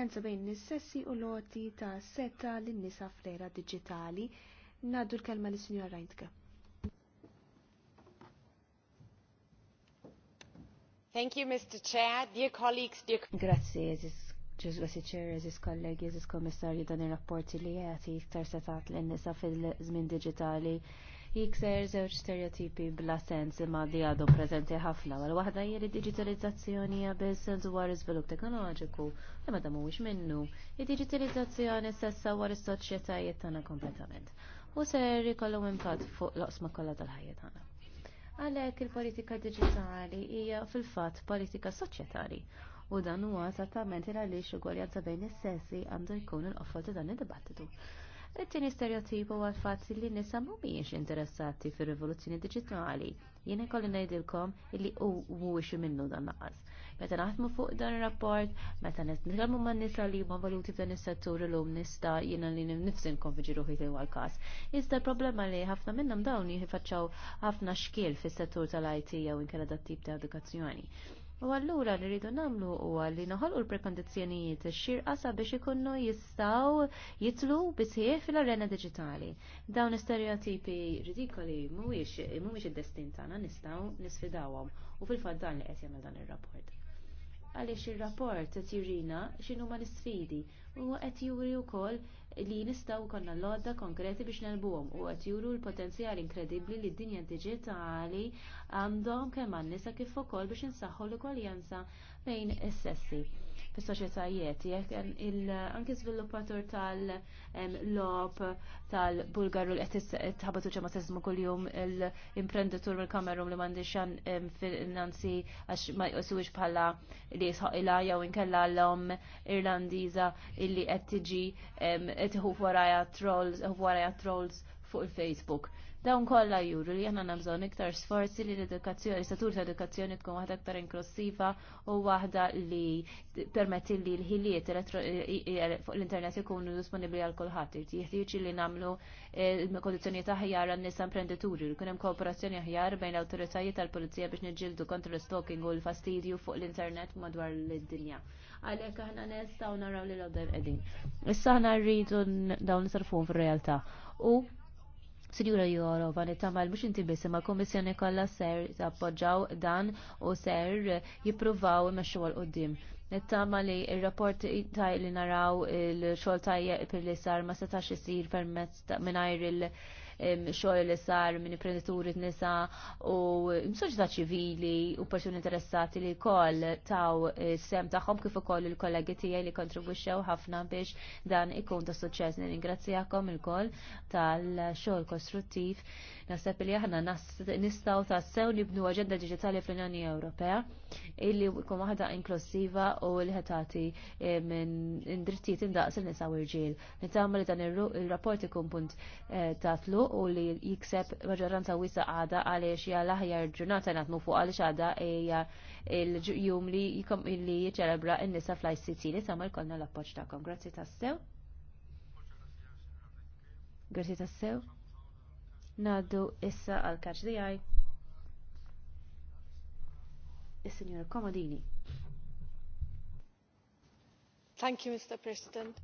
l-għanza bejn nissessi u loti ta' setta l-nisa fl-era digitali. Naddu l-kelma l-Sinjor Reintke. Thank you, Mr. Chair, dear colleagues, dear... Grazie, ġizwesi ċer, eżis kollegi, eżis komissarju dan il-rapporti li jgħati iktar setat l-nisa fil-żmien digitali jikser żewġ stereotipi bla sens imma li għadhom preżenti ħafna. Għal waħda hija li digitalizzazzjoni hija biss dwar iżvilupp teknoloġiku li ma mhuwiex minnu. Id-digitalizzazzjoni stessa war is-soċjetajiet tagħna kompletament. U ser jkollhom impatt fuq l-oqsma kollha tal-ħajja tagħna. Għalhekk il-politika diġitali hija fil-fatt politika soċjetali u dan huwa esattament il għaliex ugwaljanza bejn is-sessi għandu jkun il-qofol ta' dan id-dibattitu it-tieni stereotipu huwa l-fatt li nisa mhumiex interessati fir-rivoluzzjoni diġitali. Jien ikolli ngħidilkom illi hu mhuwiex minnu dan naqas. Meta naħdmu fuq dan ir-rapport, meta nitkellmu man nisa li huma valuti f'dan is-settur illum nista' jiena li nifsi nkonfiġi ruħi li huwa l-każ. Iżda l-problema li ħafna minnhom dawn jifaċċaw ħafna xkiel fis-settur tal-IT jew inkella dat-tip ta' edukazzjoni. U allura li rridu nagħmlu huwa li noħolqu l-prekondizzjonijiet xirqa sabiex ikunu jistgħu jitlu bisħieħ fil-arena diġitali. Dawn istereotipi ridikoli mhuwiex mhuwiex id-destin tagħna nistgħu nisfidawhom u fil-fatt dan li qed jagħmel dan ir-rapport. Għaliex ir-rapport qed jurina x'inhuma l-isfidi u qed juri wkoll li nistgħu konna l-odda konkreti biex nelbuhom u qed juru l-potenzjal inkredibbli li d-dinja diġitali għandhom kemm għan-nisa kif ukoll biex insaħħu l-ikoljanza bejn is-sessi fis-soċjetajiet jekk anke żviluppatur tal-lob tal-Bulgaru li qed tħabatu ċematiżmu kuljum l-imprenditur mill-Kamerun li m'għandix finanzi għax ma jqosux bħala li jisħaq ilha jew inkella l-om Irlandiża illi qed tiġi qed iħu warajja trolls fuq il-Facebook. Dawn kollha juru li aħna nabżon iktar sforzi li l-edukazzjoni, statur ta' edukazzjoni tkun waħda iktar inklusiva u waħda li permetti li l-ħiliet fuq l-internet ikunu disponibbli għal kulħadd. Jeħtieġ li nagħmlu eh, kondizzjonijiet aħjar għan nies imprenditori li kunem hemm kooperazzjoni aħjar bejn l-awtoritajiet tal-pulizija biex niġġieldu kontra l-stalking u l-fastidju fuq l-internet madwar l dinja Għalhekk aħna nistgħu naraw li l-għodem qegħdin. Issa aħna rridu dawn nisarfun fil realtà u Sinjura Jorova, nittamal mux inti biss ma kommissjoni kollha ser tappoġaw dan u ser jippruvaw imexxu għal qudiem. Nittama li il-rapport taj li naraw il-xol tajja per li sar ma setax isir permezz minajr il- xogħol li sar minn imprenditurit nisa u soċjetà ċivili u persuni interessati li kol taw eh, sem tagħhom kif ukoll il-kollegi tiegħi li kontribwixxew ħafna biex dan ikun ta' suċċess. il-kol tal-xogħol kostruttiv. Naħseb li aħna nistgħu sew nibnu aġenda digitali fl-Unjoni Ewropea illi jkun waħda inklusiva u li ħatati eh, minn drittijiet indaqs il-nisa u rġiel. Nittama li dan il-rapport ikun punt eh, ta' tlu u li jikseb maġġoranza wisa għada għaliex hija l-aħjar ġurnata natmu fuq għaliex għada hija il-jum li jiċċelebra n-nisa fl-ICT. Nittama l-konna l-appoġġ tagħkom. Grazzi tassew. Grazzi tassew. Naddu issa għal-kaċ di is signor Komodini. Thank you, Mr. President.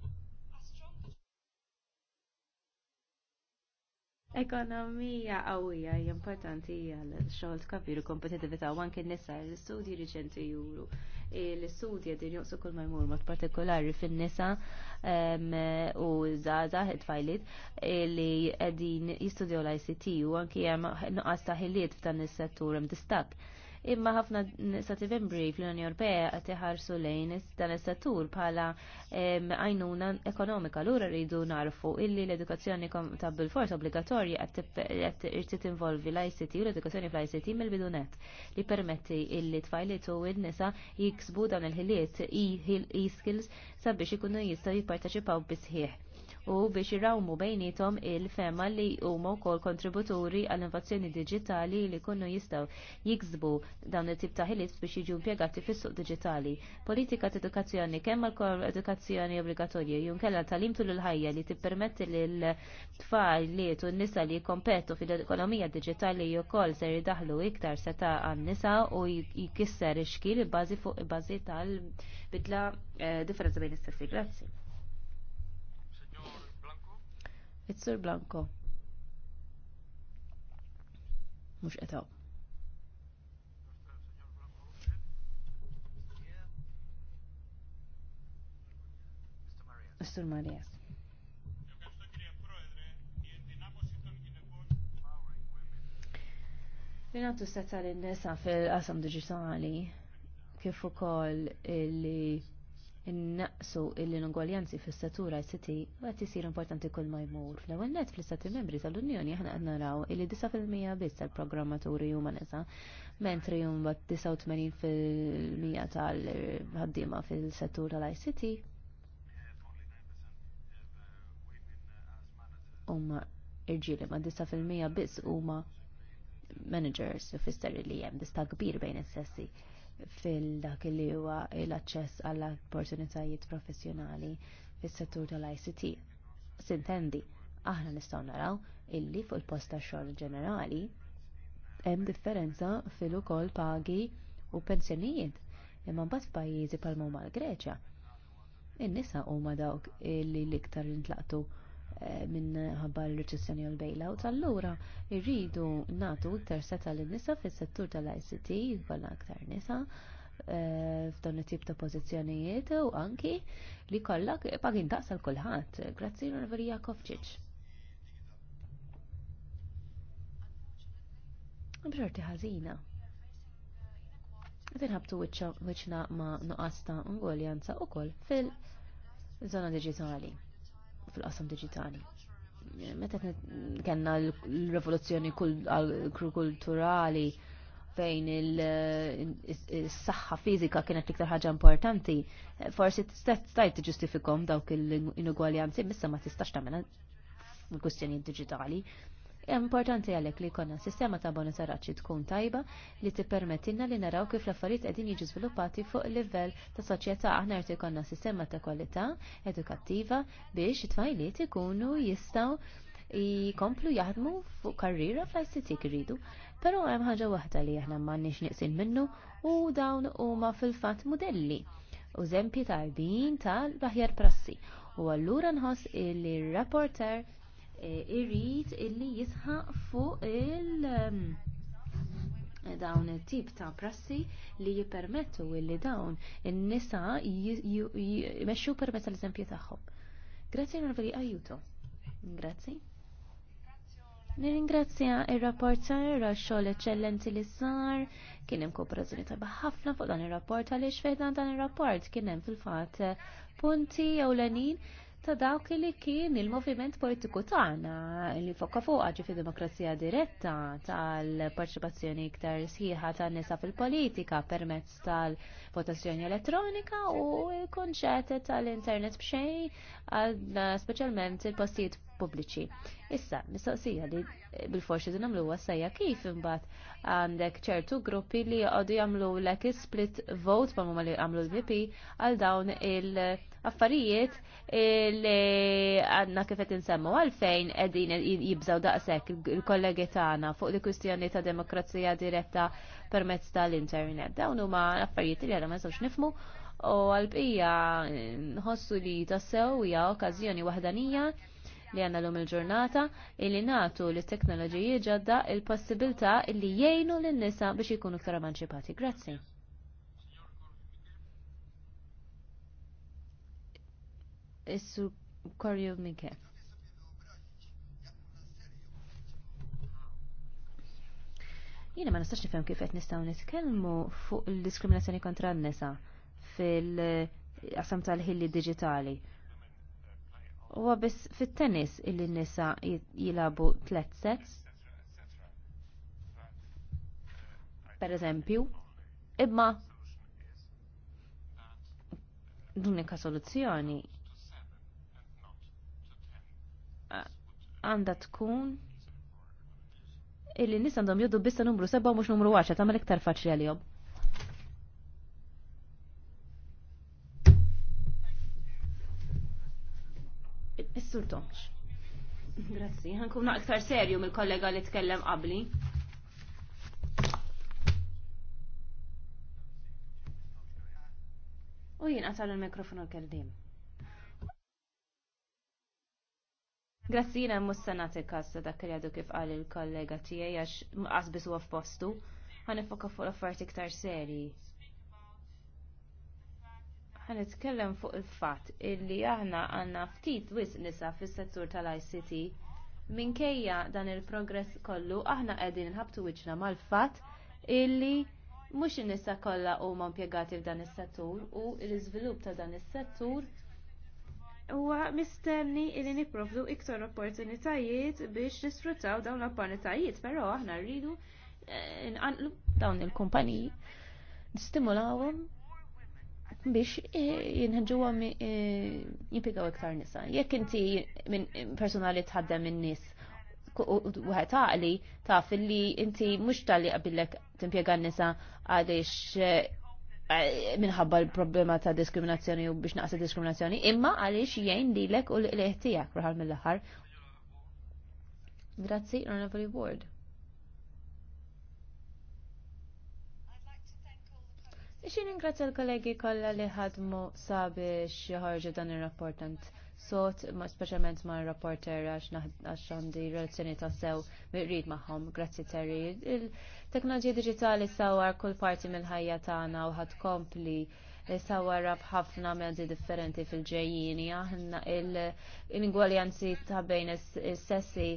Ekonomija għawija importanti għal xogħol tkabbiru kompetitività u anke nisa l-istudji riċenti juru l-istudji għedin joqsu kull majmur mod partikolari fin-nisa u żgħażagħ it-tfajlit li qegħdin jistudjaw l-ICT u anke hemm nuqqas ta' ħiliet f'dan is-settur hemm distak imma ħafna stati membri fl-Unjoni Ewropea qed iħarsu lejn dan is-settur bħala għajnuna ekonomika lura rridu narfu illi l-edukazzjoni ta' bil-fors obbligatorja qed irtid involvi l-ICT u l-edukazzjoni fl-ICT mill-bidu li permetti illi tfajlit u n-nisa jiksbu dan il-ħiliet e-skills sabiex ikunu jistgħu jipparteċipaw bisħieħ u biex irawmu bejnietom il-fema li huma wkoll kontributuri għall-innovazzjoni diġitali li jkunu jistgħu jiksbu dawn it-tip ta' ħiliet biex jiġu impjegati fis-suq diġitali. Politika ta' edukazzjoni kemm għal edukazzjoni obbligatorja jew kellha tul il-ħajja li tippermetti lill tfal li u n-nisa li jikkompetu fil-ekonomija diġitali wkoll ser jidaħlu iktar seta' għan-nisa u jkisser ix-xkil bażi fuq bażi tal-bidla eh, differenza bejn is-sessi. Grazzi. It-Sur Blanco. Mux etaw. Sur Marias. Rinatu setta l-nisa fil-qasam diġitali kif ukoll li innaqsu l-inugwaljanzi fis-satura siti għat isir importanti kull ma jmur. L-ewwel net fl-istati membri tal-Unjoni aħna qed naraw illi 9% biss tal-programmaturi huma nisa, mentri huma 89% tal-ħaddiema fil-settur tal-ICT. Huma irġieli ma' 9% biss huma managers ifisser li hemm dista kbir bejn is-sessi fil-dak li huwa l-aċċess għall opportunitajiet professjonali fis-settur tal-ICT. Sintendi, aħna nistgħu naraw illi fuq il-post tax-xogħol ġenerali hemm differenza fil-ukoll pagi u pensjonijiet imma mbagħad f'pajjiżi bħal huma l-Greċja. In-nisa huma dawk illi l-iktar intlaqtu Eh, minn ħabba l-reċessjoni u l-bailout, allura irridu natu iktar seta l-nisa fis-settur tal-ICT, jkollna iktar nisa eh, f'dan it-tip ta' pożizzjonijiet u anki li kollak pagin taqsal kulħadd. Grazzi l-Verija Kovċiċ. Bġorti ħażina. Tinħabtu wiċċna ma' nuqasta ta' ungoljanza ukoll fil-żona diġitali fil-qasam digitali. Meta kellna l revoluzzjoni kulturali fejn il-saħħa fizika kienet iktar ħaġa importanti, forsi stajt t-ġustifikom dawk l-inugwaljanzi, missa ma tistax tamena il kustjoni digitali. Importanti għalhekk li jkollna sistema ta' monitoraġġ tkun tajba li tippermettilna li naraw kif l-affarijiet qegħdin jiġu żviluppati fuq livell ta' soċjetà aħna qed jkollna sistema ta' kwalità edukattiva biex it-tfajliet ikunu jistgħu jkomplu jaħdmu fuq karriera fl-ICT kiridu. Però hemm ħaġa waħda li aħna m'għandniex nieqsin minnu u dawn huma fil-fatt modelli u żempji tajbin tal baħjar prassi. U allura nħoss il rapporter Eh, irrid illi jisħaq fuq il- ehm, dawn it-tip ta' prassi li jippermettu illi dawn in-nisa jmexxu permezz l-eżempju tagħhom. Grazzi Norveli Ajuto. Grazzi. Nirringrazzja ir-rapporter għax-xogħol eċċellenti li sar, kien hemm kooperazzjoni tajba ħafna fuq dan ir-rapport għaliex fejn dan ir-rapport kien hemm fil-fatt punti ewlenin ta' dawk li kien il-moviment politiku tagħna li fokka fuqha fi demokrazija diretta tal-parċipazzjoni iktar sħiħa tan nisa fil-politika permezz tal-votazzjoni elettronika u l-konċett tal-internet b'xejn għal speċjalment il-postijiet pubbliċi. Issa, mistoqsija li bil-forsi din għamlu sejja kif imbagħad għandek ċertu gruppi li għadu jagħmlu l-split vote ma' li għamlu l-VP għal dawn il- affarijiet li għanna kifet insemmu għalfejn edin jibżaw daqsek il-kollegi tagħna fuq li kwistjoni ta' demokrazija diretta permezz tal-internet. Dawn huma affarijiet li għadha ma nistgħux nifmu u għalbija nħossu li tassew hija okkażjoni waħdanija li għanna l um il-ġurnata illi natu li teknoloġiji ġadda il-possibilta illi jgħinu l-nisa biex jikunu ktar emanċipati. Grazzi. Issu Korju Mike. Jiena ma nistax nifhem kif qed nistgħu nitkellmu fuq il-diskriminazzjoni kontra n-nisa fil-qasam tal-ħilli diġitali. Huwa biss fit-tennis illi n-nisa jilabu tliet sets. Per eżempju, imma l-unika soluzzjoni għandha tkun illi nis għandhom joddu bissa numru 7 mux numru 10, tamel iktar faċli għal jom Is-sur Tomx. Grazzi, ħankun aktar serju mill-kollega li tkellem qabli. U jien qatal il-mikrofonu l-keldim. Grazzi jina mus sanat il-kassa dak li għadu kif għal il-kollega tijaj għax għasbis u għafpostu għan ifoka fuq l-affarijiet iktar seri. Għan itkellem fuq il-fat illi aħna għanna ftit wis nisa fis-settur tal-ICT minkejja dan il-progress kollu aħna qegħdin inħabtu wiċċna mal-fat illi mhux in-nisa kollha huma impjegati f'dan is-settur u l-iżvilupp ta' dan is-settur huwa mistenni li nipprovdu iktar opportunitajiet biex nisfruttaw dawn l-opportunitajiet, però aħna rridu eh, nqanqlu dawn il-kumpaniji nistimulawhom biex eh, jinħġuhom eh, jimpjegaw iktar nisa. Jekk inti minn personali tħaddem in-nies u għali taf li inti mhux tal-li qabilek timpjega n-nisa għaliex Eh, minħabba l-problema ta' diskriminazzjoni u biex naqsa diskriminazzjoni, imma għaliex jgħin lilek u l-eħ tiegħek mill-aħħar. Grazzi, Honorable Ward. Ixin ingrazzja l-kollegi kollha li ħadmu sabiex ħarġu dan ir-rapportant sot, ma specialment ma' rapporter għax għandi relazzjoni ta' sew rrid magħhom, grazzi Terry. Il-teknoloġija digitali sawar kull parti mill-ħajja tagħna u ħad kompli eh, sawara bħafna mezzi differenti fil-ġejjini, aħna il-ingwaljanzi ta' bejn is-sessi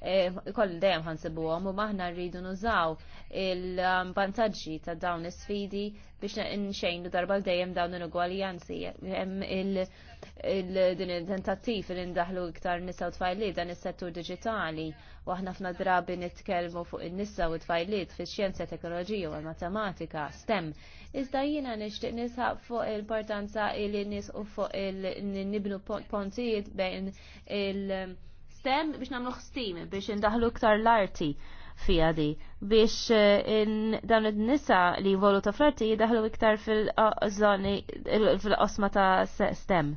Eh, koll dejjem ħansibu għom u maħna rridu nużaw il-vantagġi ta' dawn is-sfidi biex nxejnu darba dejjem dawn il ugwaljanzi Hemm il-din il-tentattiv li ndaħlu iktar nisa u tfajliet dan is-settur diġitali u aħna fna drabi nitkellmu fuq in-nisa u tfajliet fix-xjenza teknoloġija u matematika STEM. Iżda jiena nixtieq nisħaq fuq il-importanza il-nies u fuq il-nibnu pontijiet bejn il-, -il, -il, -il, -il, -il, -il, -il stem biex namlu stim biex indaħlu iktar l-arti fija di biex eh, dawn id-nisa li volu ta' frati jidaħlu iktar fil-zoni fil-qosma ta' stem.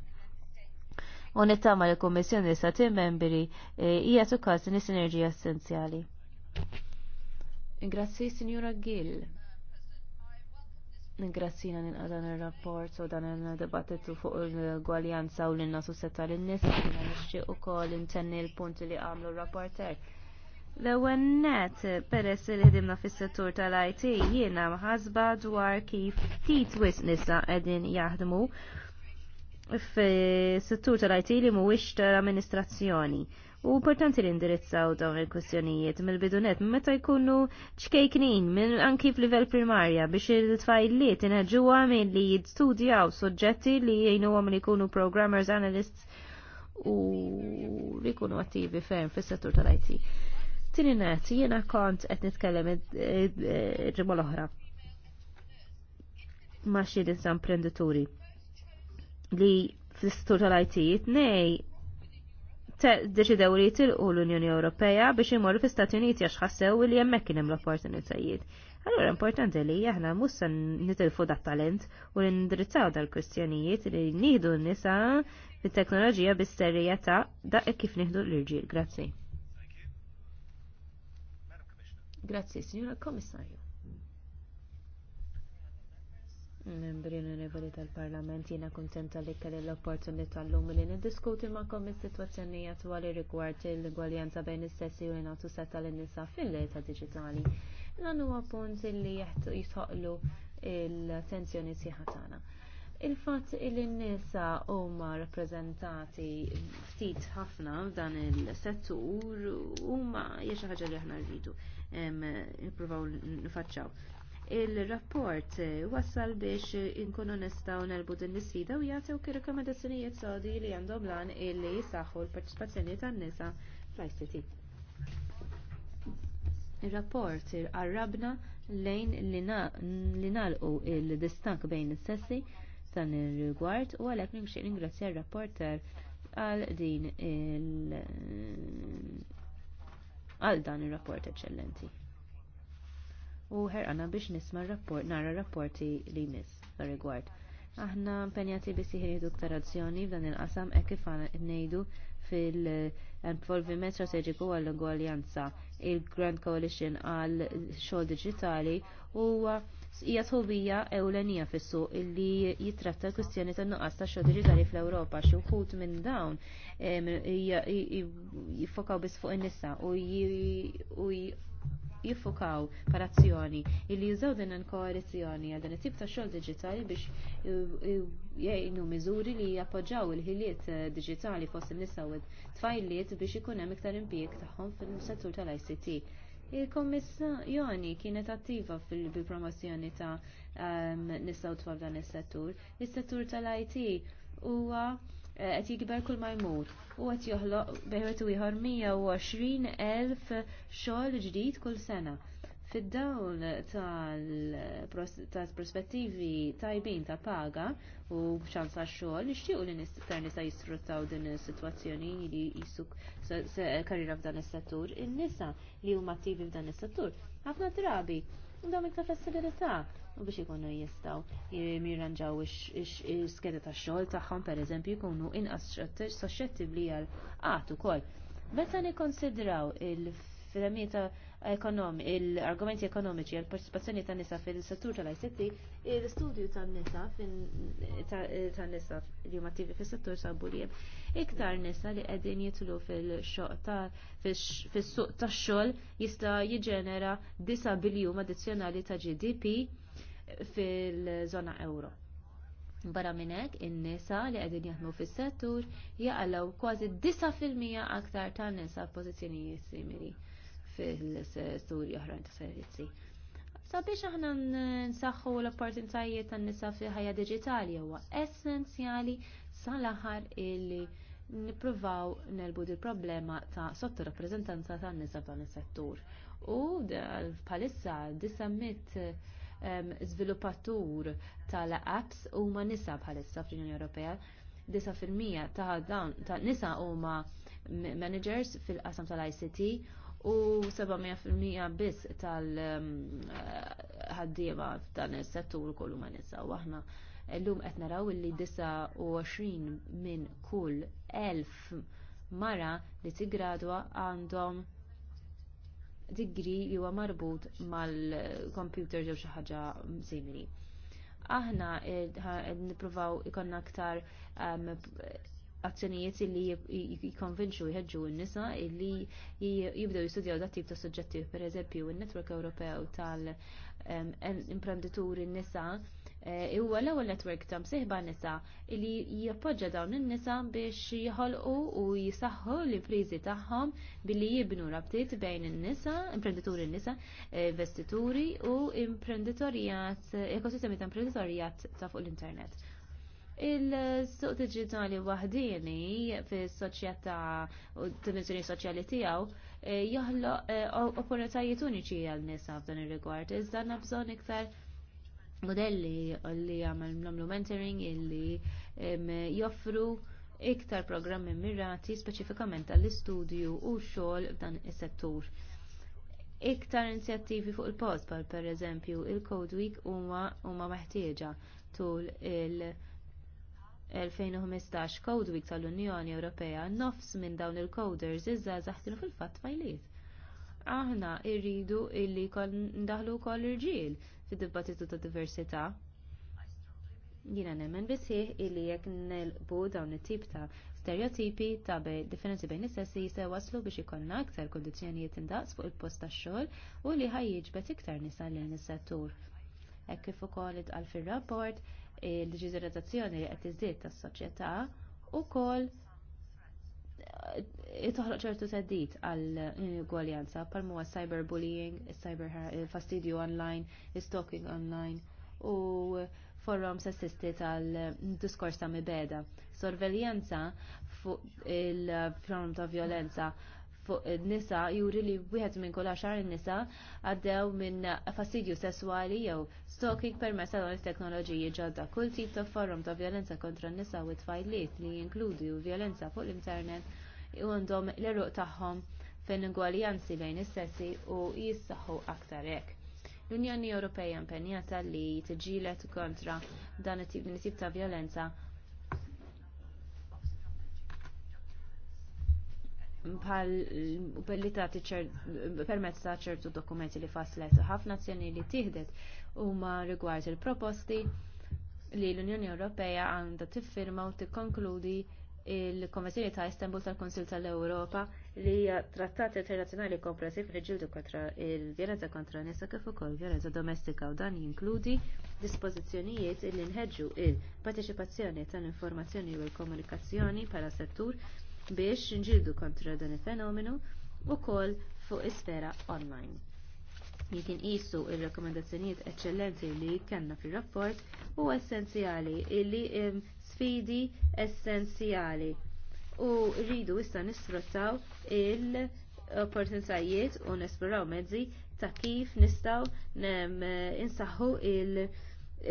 U nittama li kummissjoni sa' tim membri eh, hija tukkas sinerġija essenzjali. Grazzi, Signora Gill. Ningrazzina ninqa dan il-rapport u dan il-debattitu fuq il-gwaljanza u l-inna su setta l-nis, għanna nixċi u kol intenni l-punti li għamlu l-rapporter. L-ewel net, peress li ħdimna fis settur tal-IT, jiena mħazba dwar kif wis nisa edin jaħdmu f-settur tal-IT li mhuwiex tal-amministrazzjoni. U importanti li indirizzaw dawn il-kwestjonijiet mill-bidunet meta jkunu ċkejknin minn anki f'livell primarja biex il-tfajliet inħġuwa minn li jistudjaw soġġetti li jgħinu li jkunu programmers, analysts u li jkunu attivi ferm fis-settur tal-IT. Tini net, jiena kont qed nitkellem ġimgħa l-oħra ma' xi imprenditori li fis settur tal-IT nej deċidew li jitilqu l-Unjoni Ewropea biex imorru fl Stati Uniti għax ħassew li hemmhekk kien hemm l-opportunitajiet. Allura importanti li aħna mhux nitilfu dat talent u li nindirizzaw dal-kwistjonijiet li nieħdu n-nisa fit-teknoloġija bis-serjetà da e kif nieħdu l-irġiel. Grazzi. Grazzi, Signora Kommissarju. Membri onorevoli tal-Parlament, jiena kuntenta li kelli l-opportunità llum li niddiskuti magħkom is-sitwazzjoni attwali rigward l-igwaljanza bejn is-sessi u jingħatu seta' lin-nisa fil-leta Digitali. Dan huwa punt li jitħoqlu l-attenzjoni sieħa tagħna. Il-fatt li n-nisa huma rappreżentati ftit ħafna f'dan il-settur huma hija xi ħaġa li aħna rridu nippruvaw nifaċċaw. Il-rapport eh, wassal biex inkunu nistgħu nelbu din l-isfida u jagħtew rekomendazzjonijiet sodi li għandhom lan illi jisaħħu l-parteċipazzjoni tan-nisa fl-ICT. Ir-rapport għarrabna lejn li nagħlqu l distank bejn is-sessi dan ir-rigward u għalhekk nimxi ningrazzja r-rapporter għal din il għal dan ir-rapport eċċellenti u ħerqana biex nisma rapport, nara rapporti li jmiss dar rigward. Aħna impenjati biex jihirdu ktar azzjoni f'dan il-qasam hekk kif ngħidu fil-involviment strateġiku għall Gwaljanza il-Grand Coalition għal xogħol diġitali huwa hija tħobija ewlenija fis-suq illi jitratta l-kwistjoni tan-nuqqas ta' xogħol diġitali fl-Ewropa xi wħud minn dawn jiffokaw biss fuq in-nisa u jiffukaw parazzjoni illi jużaw din il koalizzjoni għal dan it-tip ta' xogħol diġitali biex jgħinu miżuri li jappoġġaw il-ħiliet eh, diġitali fost in-nisa u tfajliet biex ikun hemm iktar impjieg tagħhom fil-settur tal-ICT. Il-Kommissjoni kienet attiva fil-promozzjoni ta' ehm, nisa u tfal dan is-settur. Is-settur tal-IT huwa qed jikber kull ma jmur u qed joħloq u ieħor 120,000 xogħol ġdid kull sena. Fid-dawl tal-prospettivi tajbin ta' paga u b'ċans għax xogħol nixtiequ li nistar nisa jisfruttaw din is-sitwazzjoni li jisuk karriera f'dan is-settur, in-nisa li huma attivi f'dan is-settur ħafna drabi għandhom iktar flessibilità u biex ikunu jistaw jirranġaw skeda ta' xogħol tagħhom pereżempju jkunu inqas soċċettibbli għal għatu ukoll. Meta nikkonsidraw il-fremieta l-argumenti ekonomiċi għal partecipazzjoni tan nisa fil-settur tal-ICT, il-studju tan nisa tan nisa li huma attivi fis-settur sa' bulijem, iktar nisa li qegħdin jitlu fil-suq tax-xogħol jista' jiġenera 9 biljum addizzjonali ta' GDP fil-żona euro. Barra minn hekk, in-nisa li qegħdin jaħdmu fis-settur jaqalgħu kważi 9% aktar ta' nisa f'pożizzjonijiet simili fil-settur oħrajn ta' servizzi. Sabiex aħna nsaħħu l-opportunitajiet tan-nisa fil-ħajja diġitali huwa essenzjali sal-aħħar illi nippruvaw nelbu il problema ta' sottorappreżentanza tan-nisa f'dan is-settur. U palissa disa mit żviluppatur tal-apps huma nisa bħalissa fl-Unjoni Ewropea. 9% ta' mija ta' nisa huma managers fil-qasam tal-ICT u 700% biss tal-ħaddiema eh, f'dan is-settur kollu ma' nisa u aħna llum qed naraw li 29 minn kull elf mara li tigradwa għandhom digri li huwa marbut mal-computer jew xi ħaġa simili. Aħna nippruvaw ikonna aktar um, azzjonijiet li jikonvinċu jħedġu n-nisa li jibdew jistudjaw dat tip ta' suġġetti, per eżempju, il-Network Ewropew tal-imprenditur um, n-nisa Eh, huwa l-ewwel netwerk ta' msieħba nisa li jappoġġa dawn in-nisa biex jħolqu u jisaħħu l-imprizi tagħhom billi jibnu rabtiet bejn in-nisa, imprenditori nisa eh, investituri u imprenditorijat, ekosistemi ta' imprenditorijat ta' fuq l-internet. Il-suq digitali wahdini fis-soċjetà u dimensjoni soċjali tiegħu eh, joħloq opportunitajiet uniċi għal nisa f'dan ir-rigward. Iżda bżonn iktar modelli li għamal namlu mentoring illi joffru iktar programmi mirati speċifikament għall-istudju u xogħol f'dan is-settur. Iktar inizjattivi fuq il-post bħal pereżempju il-Code Week huma meħtieġa tul il- 2015 Code Week tal-Unjoni Ewropea nofs minn dawn il-coders iżda zaħtinu fil-fatt fajliet. Aħna rridu illi ndaħlu wkoll irġiel fid-dibattitu ta' diversità. Jiena nemmen bisħiħ illi jekk nelbu dawn it-tip ta' stereotipi ta' differenzi bejn is-sessi se waslu biex ikollna aktar kundizzjonijiet indaqs fuq il-post tax-xogħol u li ħajjiġbet iktar nisa lejn is-settur. Hekk kif ukoll itqal fir-rapport il-diġiżerizzazzjoni li qed iżdied tas-soċjetà ukoll toħloq ċertu teddit għal eh, gwaljanza pal muwa cyberbullying, cyber eh, fastidju online, stalking online u forums sessisti tal mm, diskors ta' mibeda. Sorveljanza fuq il-forum eh, ta' violenza fuq nisa juri li wieħed minn kull għaxar nisa għaddew minn fastidju sesswali jew stalking permezz dawn it-teknoloġiji ġodda. Kull tip ta' forum ta' violenza kontra n-nisa u t-tfajliet li jinkludi violenza fuq l-internet għandhom l-eruq tagħhom fil-ingwaljanzi bejn is-sessi u jissaħħu aktar hekk. L-Unjoni Ewropea impenjata li tiġilet kontra dan it-tip ta' vjolenza bħal permezz ta' ċertu dokumenti li faslet ħafna azzjoni li tieħdet huma rigward il-proposti li l-Unjoni Ewropea għandha tiffirma u tikkonkludi il-Konvenzjoni ta' Istanbul tal-Konsil tal-Ewropa li hija trattat internazzjonali komprensiv li ġildu kontra il-vjolenza kontra nisa kif ukoll vjolenza domestika u dan jinkludi dispożizzjonijiet li nħeġġu il-parteċipazzjoni tal-informazzjoni u l-komunikazzjoni bħala settur biex nġildu kontra dan il-fenomenu u kol fuq isfera online jekk inqisu ir-rakkomandazzjonijiet eċċellenti li kellna fir-rapport huwa essenzjali illi sfidi essenzjali u rridu issa nisfruttaw il-opportunitajiet u nesploraw mezzi ta' kif nistgħu insaħħu il-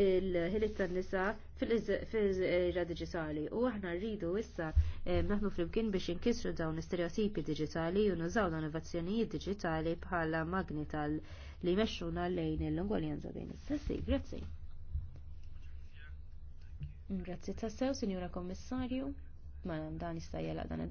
il-ħilit tan-nisa fil-era diġitali. U aħna rridu issa naħnu flimkien biex inkisru dawn l-istereotipi diġitali u nużaw l-innovazzjonijiet diġitali bħala magni tal- li jmexxuna lejn l-ungwaljanza bejn is-sessi. Grazzi. Grazzi tassew, Sinjura Kommissarju, ma dan jista' jela. dan